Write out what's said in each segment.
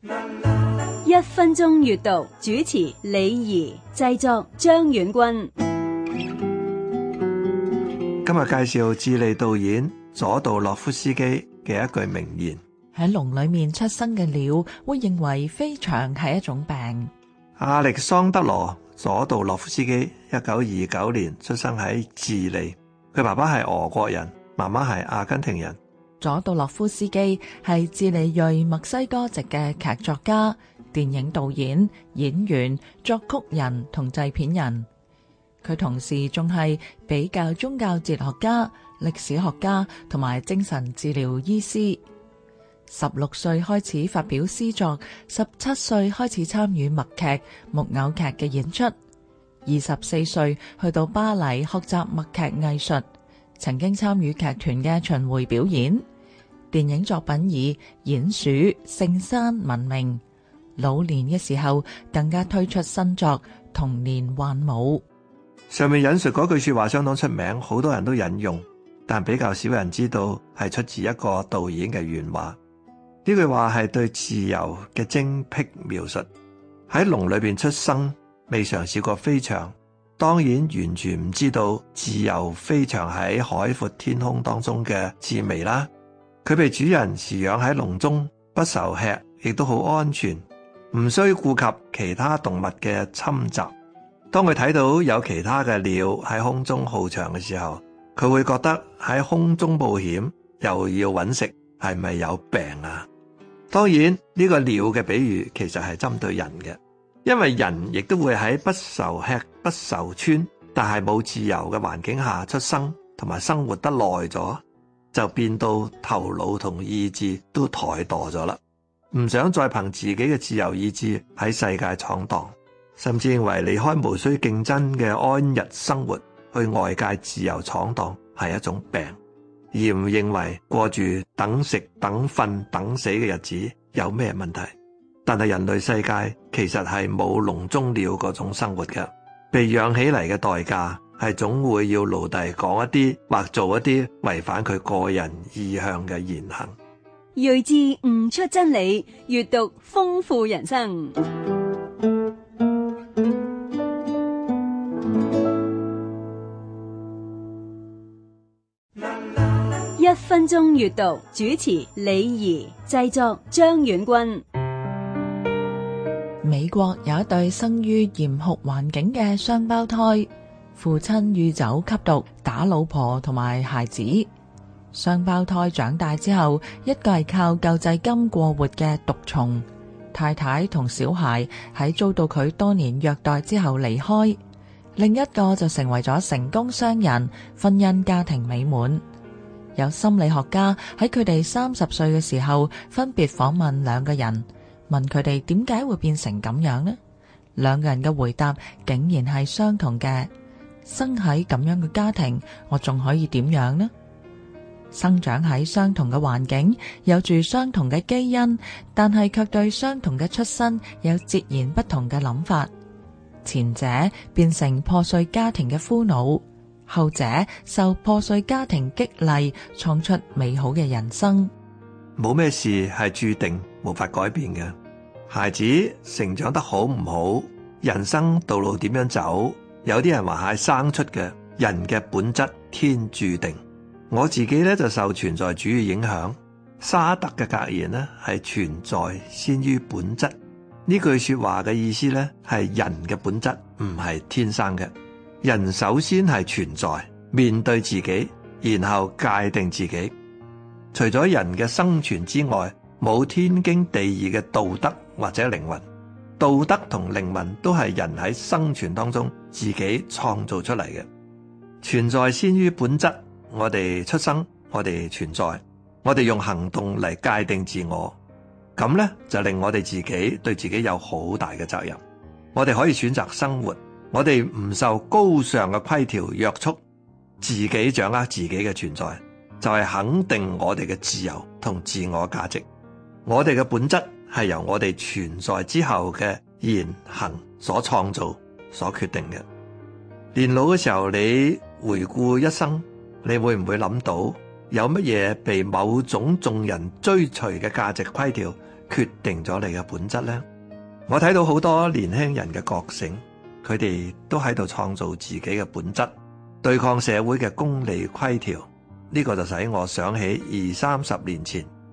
一分鐘閱讀，主持李儀，製作張遠君。今日介紹智利導演佐杜洛夫斯基嘅一句名言：喺籠裏面出生嘅鳥會認為飛翔係一種病。阿力桑德羅佐杜洛夫斯基一九二九年出生喺智利，佢爸爸係俄國人，媽媽係阿根廷人。佐杜洛夫斯基係智利裔墨西哥籍嘅劇作家、電影導演、演員、作曲人同製片人。佢同時仲係比較宗教哲學家、歷史學家同埋精神治療醫師。十六歲開始發表詩作，十七歲開始參與默劇、木偶劇嘅演出，二十四歲去到巴黎學習默劇藝術。曾經參與劇團嘅巡迴表演，電影作品以演鼠、聖山聞名。老年嘅時候，更加推出新作《童年幻舞》。上面引述嗰句說話相當出名，好多人都引用，但比較少人知道係出自一個導演嘅原話。呢句話係對自由嘅精闢描述。喺籠裏邊出生，未嘗試過飛翔。當然完全唔知道自由飛翔喺海闊天空當中嘅滋味啦。佢被主人飼養喺籠中，不愁吃，亦都好安全，唔需顧及其他動物嘅侵襲。當佢睇到有其他嘅鳥喺空中翱翔嘅時候，佢會覺得喺空中冒險又要揾食，係咪有病啊？當然呢個鳥嘅比喻其實係針對人嘅。因為人亦都會喺不愁吃不愁穿，但係冇自由嘅環境下出生同埋生活得耐咗，就變到頭腦同意志都怠惰咗啦，唔想再憑自己嘅自由意志喺世界闖蕩，甚至認為離開無需競爭嘅安逸生活去外界自由闖蕩係一種病，而唔認為過住等食等瞓等死嘅日子有咩問題。但係人類世界其實係冇籠中鳥嗰種生活嘅，被養起嚟嘅代價係總會要奴隸講一啲或做一啲違反佢個人意向嘅言行。睿智悟出真理，閱讀豐富人生。 一分鐘閱讀，主持李儀，製作張遠軍。美國有一對生於嚴酷環境嘅雙胞胎，父親酗酒吸毒，打老婆同埋孩子。雙胞胎長大之後，一個係靠救濟金過活嘅毒蟲，太太同小孩喺遭到佢多年虐待之後離開，另一個就成為咗成功商人，婚姻家庭美滿。有心理學家喺佢哋三十歲嘅時候分別訪問兩個人，問佢哋點解會變成咁樣呢？兩個人嘅回答竟然係相同嘅。生喺咁樣嘅家庭，我仲可以點樣呢？生長喺相同嘅環境，有住相同嘅基因，但係卻對相同嘅出身有截然不同嘅諗法。前者變成破碎家庭嘅苦惱，後者受破碎家庭激勵，創出美好嘅人生。冇咩事係注定。冇法改變嘅，孩子成長得好唔好，人生道路點樣走，有啲人話係生出嘅，人嘅本質天注定。我自己咧就受存在主義影響，沙特嘅格言呢係存在先於本質。呢句說話嘅意思呢係人嘅本質唔係天生嘅，人首先係存在，面對自己，然後界定自己。除咗人嘅生存之外。冇天經地義嘅道德或者靈魂，道德同靈魂都係人喺生存當中自己創造出嚟嘅。存在先於本質，我哋出生，我哋存在，我哋用行動嚟界定自我，咁呢，就令我哋自己對自己有好大嘅責任。我哋可以選擇生活，我哋唔受高尚嘅規條約束，自己掌握自己嘅存在，就係肯定我哋嘅自由同自我價值。我哋嘅本質係由我哋存在之後嘅言行所創造、所決定嘅。年老嘅時候，你回顧一生，你會唔會諗到有乜嘢被某種眾人追隨嘅價值規條決定咗你嘅本質呢？我睇到好多年輕人嘅覺醒，佢哋都喺度創造自己嘅本質，對抗社會嘅功利規條。呢個就使我想起二三十年前。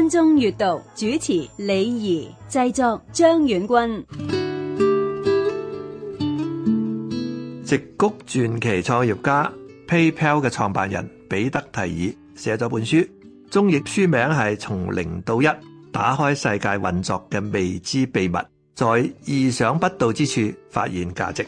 分鐘閱讀主持李儀，製作張遠軍。直谷傳奇創業家 PayPal 嘅創辦人彼得提爾寫咗本書，中譯書名係《從零到一：打開世界運作嘅未知秘密，在意想不到之處發現價值》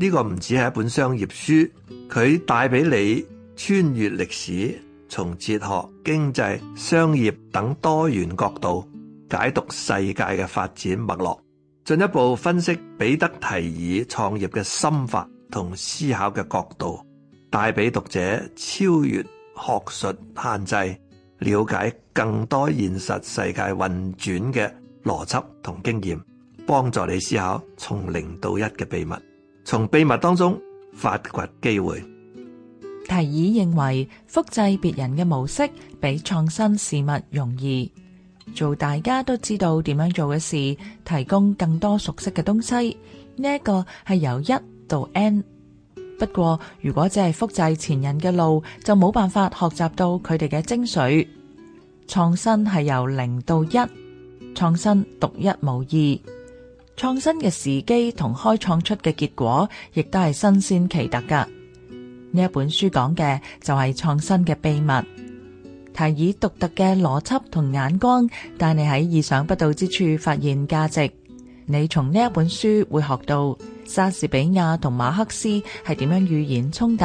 這。呢個唔只係一本商業書，佢帶俾你穿越歷史。從哲學、經濟、商業等多元角度解讀世界嘅發展脈絡，進一步分析彼得提爾創業嘅心法同思考嘅角度，帶俾讀者超越學術限制，了解更多現實世界運轉嘅邏輯同經驗，幫助你思考從零到一嘅秘密，從秘密當中發掘機會。提爾認為複製別人嘅模式比創新事物容易，做大家都知道點樣做嘅事，提供更多熟悉嘅東西。呢一個係由一到 n。不過如果只係複製前人嘅路，就冇辦法學習到佢哋嘅精髓。創新係由零到一，創新獨一無二。創新嘅時機同開創出嘅結果，亦都係新鮮奇特噶。呢一本書講嘅就係創新嘅秘密，提以獨特嘅邏輯同眼光，帶你喺意想不到之處發現價值。你從呢一本書會學到莎士比亞同馬克思係點樣語言衝突，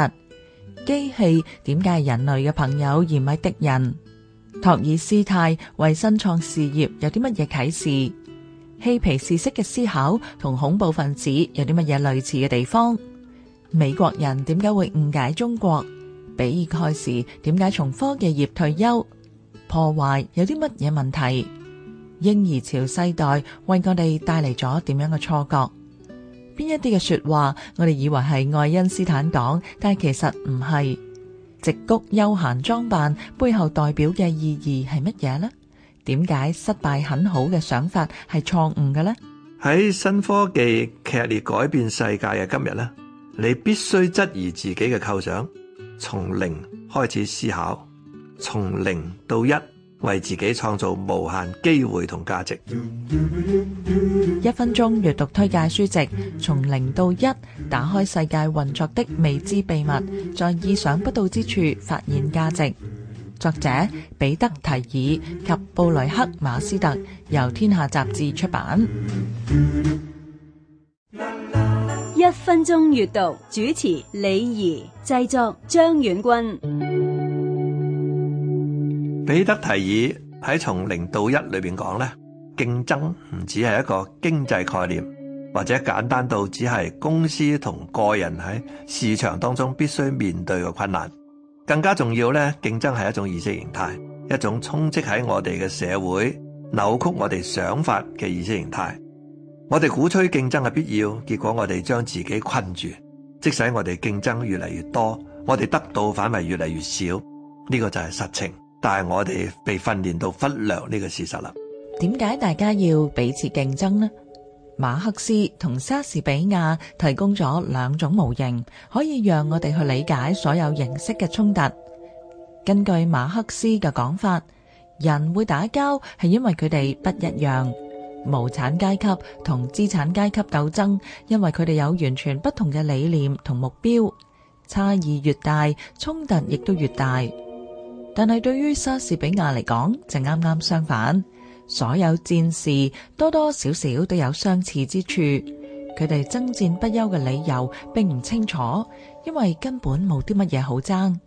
機器點解係人類嘅朋友而唔係敵人？托爾斯泰為新創事業有啲乜嘢啟示？嬉皮士式嘅思考同恐怖分子有啲乜嘢類似嘅地方？美國人點解會誤解中國？比爾蓋茨點解從科技業退休？破壞有啲乜嘢問題？嬰兒潮世代為我哋帶嚟咗點樣嘅錯覺？邊一啲嘅說話我哋以為係愛因斯坦講，但係其實唔係。直谷休閒裝扮背後代表嘅意義係乜嘢呢？點解失敗很好嘅想法係錯誤嘅呢？喺新科技劇烈改變世界嘅今日呢？你必須質疑自己嘅構想，從零開始思考，從零到一為自己創造無限機會同價值。一分鐘閱讀推介書籍：從零到一，打開世界運作的未知秘密，在意想不到之處發現價值。作者彼得提爾及布雷克馬斯特，由天下雜誌出版。一分鐘閱讀主持李儀，製作張遠君。彼得提爾喺從零到一裏邊講咧，競爭唔只係一個經濟概念，或者簡單到只係公司同個人喺市場當中必須面對嘅困難。更加重要咧，競爭係一種意識形態，一種充斥喺我哋嘅社會扭曲我哋想法嘅意識形態。我哋鼓吹競爭嘅必要，結果我哋將自己困住。即使我哋競爭越嚟越多，我哋得到反而越嚟越少，呢個就係實情。但係我哋被訓練到忽略呢個事實啦。點解大家要彼此競爭呢？馬克思同莎士比亞提供咗兩種模型，可以讓我哋去理解所有形式嘅衝突。根據馬克思嘅講法，人會打交係因為佢哋不一樣。無產階級同資產階級鬥爭，因為佢哋有完全不同嘅理念同目標，差異越大，衝突亦都越大。但係對於莎士比亞嚟講，就啱啱相反，所有戰事多多少少都有相似之處，佢哋爭戰不休嘅理由並唔清楚，因為根本冇啲乜嘢好爭。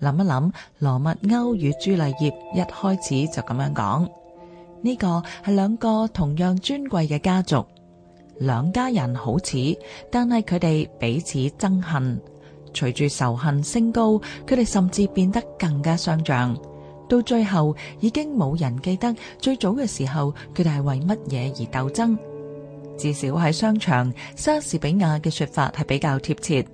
諗一諗，羅密歐與朱麗葉一開始就咁樣講。呢個係兩個同樣尊貴嘅家族，兩家人好似，但係佢哋彼此憎恨。隨住仇恨升高，佢哋甚至變得更加相像。到最後，已經冇人記得最早嘅時候，佢哋係為乜嘢而鬥爭。至少喺商場，莎士比亞嘅說法係比較貼切。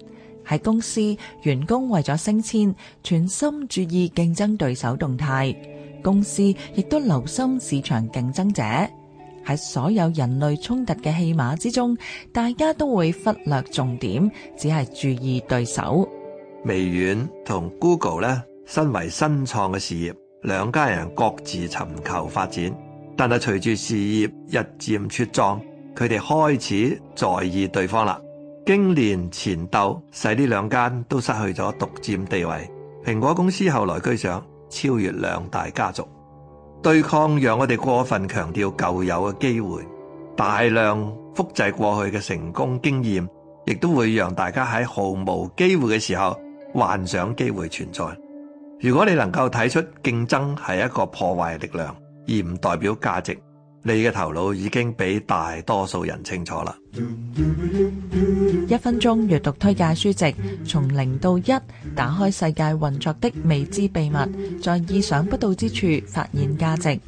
喺公司，員工為咗升遷，全心注意競爭對手動態。公司亦都留心市場競爭者。喺所有人類衝突嘅戲碼之中，大家都會忽略重點，只係注意對手。微軟同 Google 咧，身為新創嘅事業，兩家人各自尋求發展。但係隨住事業日漸茁壯，佢哋開始在意對方啦。經年前鬥，使呢兩間都失去咗獨佔地位。蘋果公司後來居上。超越兩大家族對抗，讓我哋過分強調舊有嘅機會，大量複製過去嘅成功經驗，亦都會讓大家喺毫無機會嘅時候幻想機會存在。如果你能夠睇出競爭係一個破壞力量，而唔代表價值。你嘅頭腦已經比大多數人清楚啦！一分鐘閱讀推介書籍：從零到一，打開世界運作的未知秘密，在意想不到之處發現價值。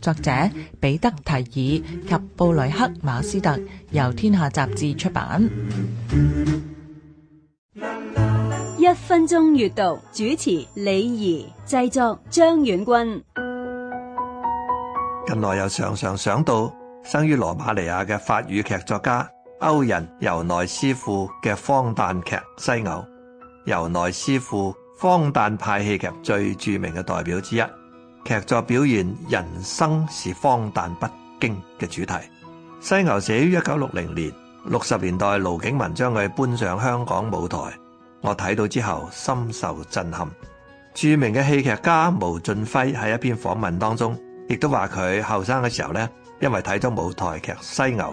作者彼得提爾及布雷克馬斯特，由天下雜誌出版。一分鐘閱讀主持李儀，製作張遠軍。近來又常常想到生於羅馬尼亞嘅法語劇作家歐仁尤內斯庫嘅荒誕劇《犀牛》，尤內斯庫荒誕派戲劇最著名嘅代表之一，劇作表現人生是荒誕不經嘅主題。《犀牛》寫於一九六零年，六十年代，盧景文將佢搬上香港舞台，我睇到之後深受震撼。著名嘅戲劇家毛俊輝喺一篇訪問當中。亦都話佢後生嘅時候呢，因為睇咗舞台劇《犀牛》，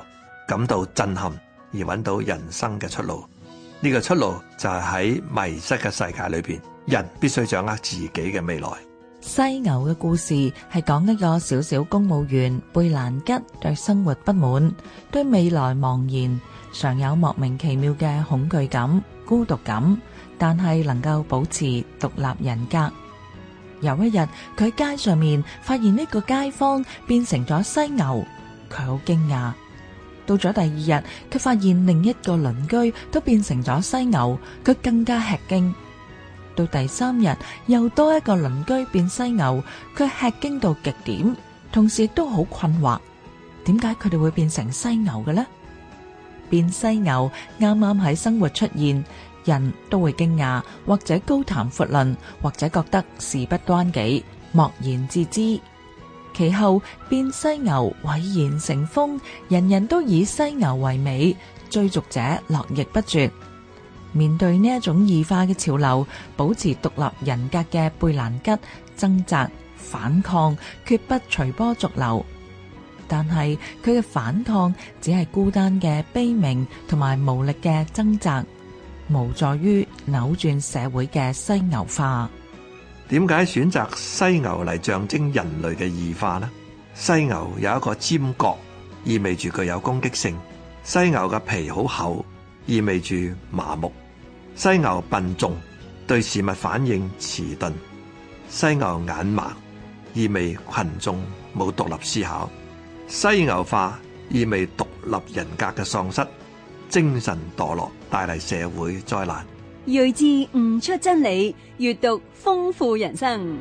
感到震撼而揾到人生嘅出路。呢個出路就係喺迷失嘅世界裏邊，人必須掌握自己嘅未來。《犀牛》嘅故事係講一個小小公務員貝蘭吉對生活不滿，對未來茫然，常有莫名其妙嘅恐懼感、孤獨感，但係能夠保持獨立人格。有一日，佢喺街上面發現呢個街坊變成咗犀牛，佢好驚訝。到咗第二日，佢發現另一個鄰居都變成咗犀牛，佢更加吃驚。到第三日，又多一個鄰居變犀牛，佢吃驚到極點，同時都好困惑，點解佢哋會變成犀牛嘅呢？變犀牛啱啱喺生活出現。人都會驚訝，或者高談闊論，或者覺得事不關己，莫言自知。其後，變犀牛蔚然成風，人人都以犀牛為美，追逐者絡繹不絕。面對呢一種異化嘅潮流，保持獨立人格嘅貝蘭吉掙扎反抗，絕不隨波逐流。但係佢嘅反抗只係孤單嘅悲鳴，同埋無力嘅掙扎。無助於扭轉社會嘅犀牛化。點解選擇犀牛嚟象徵人類嘅異化呢？犀牛有一個尖角，意味住具有攻擊性；犀牛嘅皮好厚，意味住麻木；犀牛笨重，對事物反應遲鈍；犀牛眼盲，意味群眾冇獨立思考；犀牛化，意味獨立人格嘅喪失。精神墮落，帶嚟社會災難。睿智悟出真理，閲讀豐富人生。